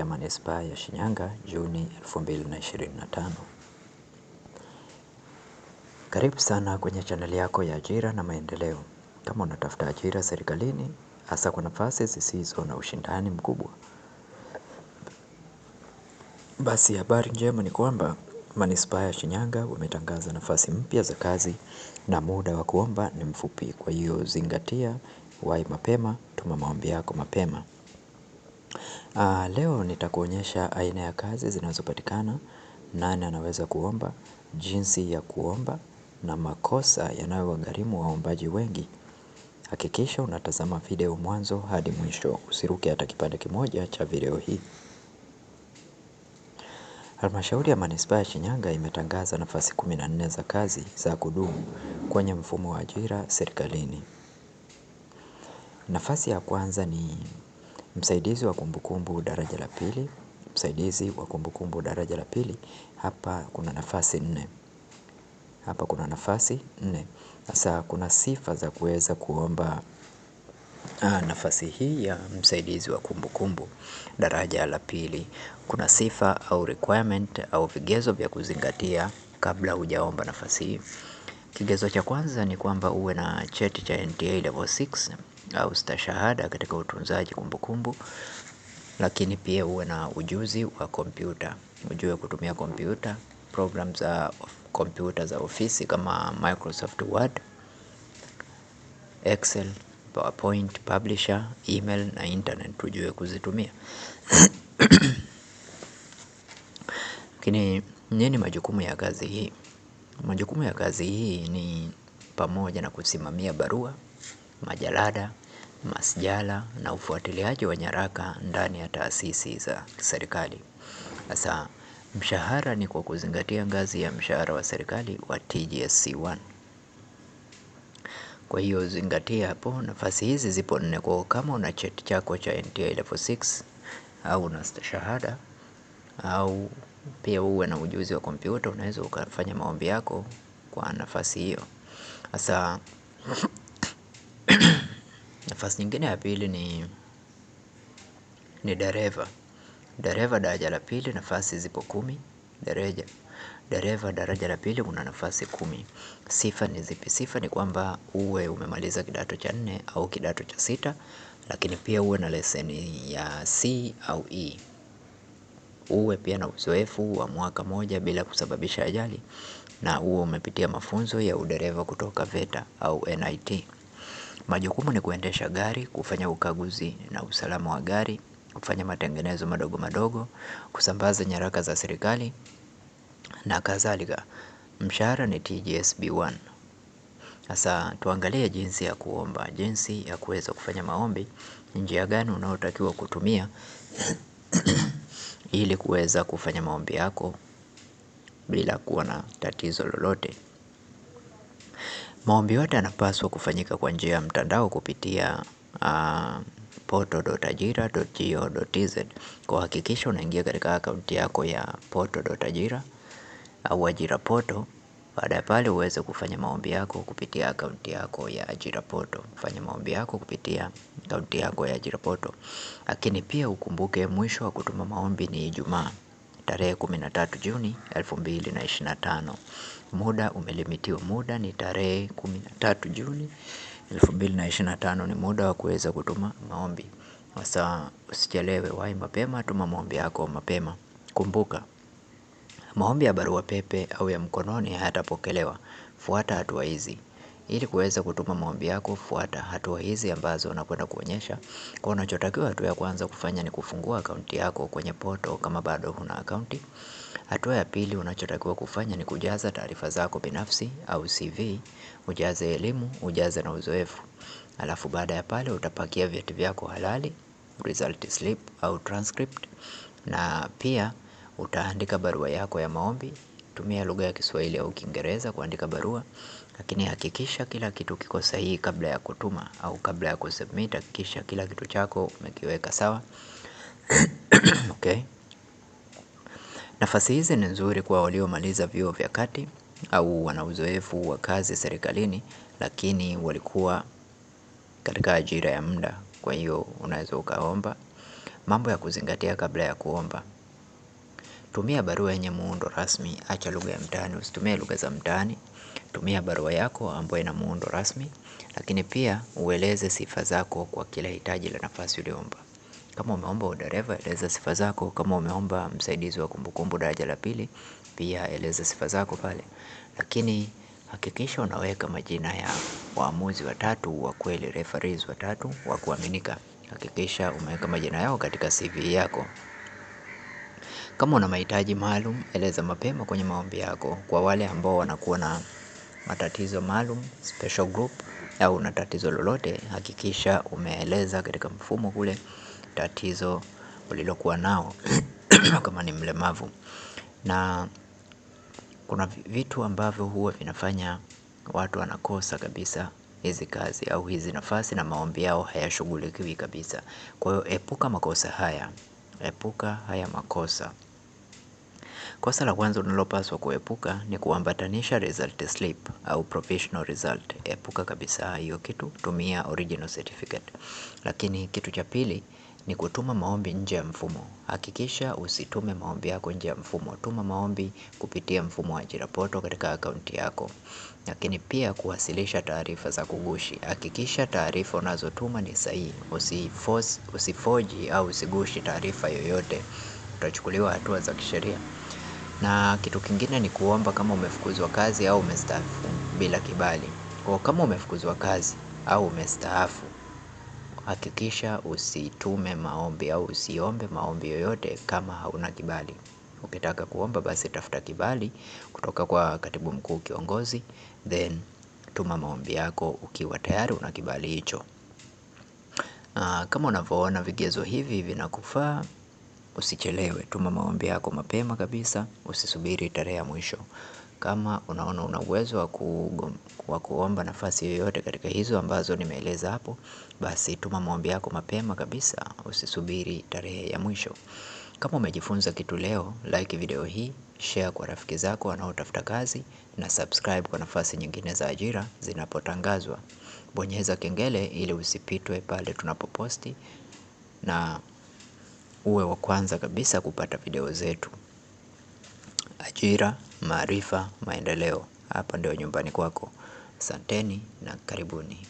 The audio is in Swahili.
ya Manispaa ya Shinyanga Juni 2025. Karibu sana kwenye chaneli yako ya ajira na maendeleo. Kama unatafuta ajira serikalini, hasa kwa nafasi zisizo na ushindani mkubwa, basi habari njema ni kwamba Manispaa ya Shinyanga wametangaza nafasi mpya za kazi na muda wa kuomba ni mfupi. Kwa hiyo zingatia, wahi mapema, tuma maombi yako mapema. Ah, leo nitakuonyesha aina ya kazi zinazopatikana, nani anaweza kuomba, jinsi ya kuomba na makosa yanayowagharimu waombaji wengi. Hakikisha unatazama video mwanzo hadi mwisho usiruke hata kipande kimoja cha video hii. Halmashauri ya Manispaa ya Shinyanga imetangaza nafasi kumi na nne za kazi za kudumu kwenye mfumo wa ajira serikalini. Nafasi ya kwanza ni Msaidizi wa kumbukumbu daraja la pili, msaidizi wa kumbukumbu daraja la pili, hapa kuna nafasi nne. Hapa kuna nafasi nne. Sasa kuna sifa za kuweza kuomba Aa, ah, nafasi hii ya msaidizi wa kumbukumbu daraja la pili kuna sifa au requirement au vigezo vya kuzingatia kabla hujaomba nafasi hii. Kigezo cha kwanza ni kwamba uwe na cheti cha NTA level 6 au stashahada katika utunzaji kumbukumbu Lakini pia uwe na ujuzi wa kompyuta ujue kutumia kompyuta Program za kompyuta za ofisi kama Microsoft Word, Excel, PowerPoint, Publisher, email na internet ujue kuzitumia Lakini nini majukumu ya kazi hii? Majukumu ya kazi hii ni pamoja na kusimamia barua majalada, masjala na ufuatiliaji wa nyaraka ndani ya taasisi za serikali. Sasa mshahara ni kwa kuzingatia ngazi ya mshahara wa serikali wa TGSC1. Kwa hiyo zingatia hapo, nafasi hizi zipo nne. Kwa kama una cheti chako cha NTA level 6 au una shahada au pia uwe na ujuzi wa kompyuta, unaweza ukafanya maombi yako kwa nafasi hiyo. Sasa Nafasi nyingine ya pili ni dereva. Dereva daraja la pili nafasi zipo kumi. Dereva daraja la pili kuna nafasi kumi. Sifa ni zipi? Sifa ni kwamba uwe umemaliza kidato cha nne au kidato cha sita. Lakini pia uwe na leseni ya C au E. Uwe pia na uzoefu wa mwaka moja bila kusababisha ajali. Na uwe umepitia mafunzo ya udereva kutoka VETA au NIT. Majukumu ni kuendesha gari, kufanya ukaguzi na usalama wa gari, kufanya matengenezo madogo madogo, kusambaza nyaraka za serikali na kadhalika. Mshahara ni TGSB1. Sasa tuangalie jinsi ya kuomba, jinsi ya kuweza kufanya maombi, njia gani unaotakiwa kutumia ili kuweza kufanya maombi yako bila kuwa na tatizo lolote. Maombi yote yanapaswa kufanyika kwa njia ya mtandao kupitia ah, poto.ajira.go.tz Kwa hakikisho unaingia katika akaunti yako ya poto.ajira au ajira poto baada ya pale uweze kufanya maombi yako kupitia akaunti yako ya ajira poto. Fanya maombi yako kupitia akaunti yako ya ajira poto Lakini pia ukumbuke mwisho wa kutuma maombi ni ijumaa tarehe 13 Juni 2025. Muda umelimitiwa, muda ni tarehe 13 Juni 2025 ni muda wa kuweza kutuma maombi. Sasa usichelewe, wahi mapema, tuma maombi yako mapema. Kumbuka, maombi ya barua pepe au ya mkononi hayatapokelewa. Fuata hatua hizi. Ili kuweza kutuma maombi yako, fuata hatua hizi ambazo nakwenda kuonyesha. Kwa unachotakiwa hatua ya kwanza kufanya ni kufungua akaunti yako kwenye poto kama bado huna akaunti. Hatua ya pili unachotakiwa kufanya ni kujaza taarifa zako binafsi au CV, ujaze elimu, ujaze na uzoefu. Alafu baada ya pale utapakia vyeti vyako halali, result slip au transcript na pia utaandika barua yako ya maombi kutumia lugha ya Kiswahili au Kiingereza kuandika barua, lakini hakikisha kila kitu kiko sahihi kabla ya kutuma au kabla ya kusubmit. Hakikisha kila kitu chako umekiweka sawa. Okay. Nafasi hizi ni nzuri kwa waliomaliza vyuo vya kati au wana uzoefu wa kazi serikalini lakini walikuwa katika ajira ya muda kwa hiyo unaweza ukaomba. Mambo ya kuzingatia kabla ya kuomba. Tumia barua yenye muundo rasmi, acha lugha ya mtaani, usitumie lugha za mtaani. Tumia barua yako ambayo ina muundo rasmi. Lakini pia ueleze sifa zako kwa kila hitaji la nafasi uliomba. Kama umeomba udereva eleza sifa zako. Kama umeomba msaidizi wa kumbukumbu daraja la pili pia eleza sifa zako pale. Lakini hakikisha unaweka majina ya waamuzi watatu wa kweli referees watatu wa kuaminika. Hakikisha umeweka majina yao katika CV yako. Kama una mahitaji maalum, eleza mapema kwenye maombi yako. Kwa wale ambao wanakuwa na matatizo maalum, special group au una tatizo lolote, hakikisha umeeleza katika mfumo kule tatizo ulilokuwa nao kama ni mlemavu. Na kuna vitu ambavyo huwa vinafanya watu wanakosa kabisa hizi kazi au hizi nafasi na maombi yao hayashughulikiwi kabisa. Kwa hiyo epuka makosa haya, epuka haya makosa. Kosa la kwanza unalopaswa kuepuka ni kuambatanisha result slip au professional result. Epuka kabisa hiyo kitu, tumia original certificate. Lakini kitu cha pili ni kutuma maombi nje ya mfumo. Hakikisha usitume maombi yako nje ya mfumo. Tuma maombi kupitia mfumo wa ajira portal katika akaunti yako. Lakini pia kuwasilisha taarifa za kugushi Hakikisha taarifa unazotuma ni sahihi. Usifoji au usigushi taarifa yoyote. Utachukuliwa hatua za kisheria. Na kitu kingine ni kuomba kama umefukuzwa kazi au umestaafu bila kibali. Kwa kama umefukuzwa kazi au umestaafu, hakikisha usitume maombi au usiombe maombi yoyote kama hauna kibali. Ukitaka kuomba basi tafuta kibali kutoka kwa katibu mkuu kiongozi Then tuma maombi yako ukiwa tayari una kibali hicho ah, kama unavyoona vigezo hivi vinakufaa Usichelewe, tuma maombi yako mapema kabisa, usisubiri tarehe ya mwisho. Kama unaona una uwezo wa kuomba nafasi yoyote katika hizo ambazo nimeeleza hapo, basi tuma maombi yako mapema kabisa, usisubiri tarehe ya mwisho. Kama umejifunza kitu leo, like video hii, share kwa rafiki zako wanaotafuta kazi na subscribe kwa nafasi nyingine za ajira zinapotangazwa. Bonyeza kengele ili usipitwe pale tunapoposti na uwe wa kwanza kabisa kupata video zetu. Ajira, maarifa, maendeleo. Hapa ndio nyumbani kwako. Asanteni na karibuni.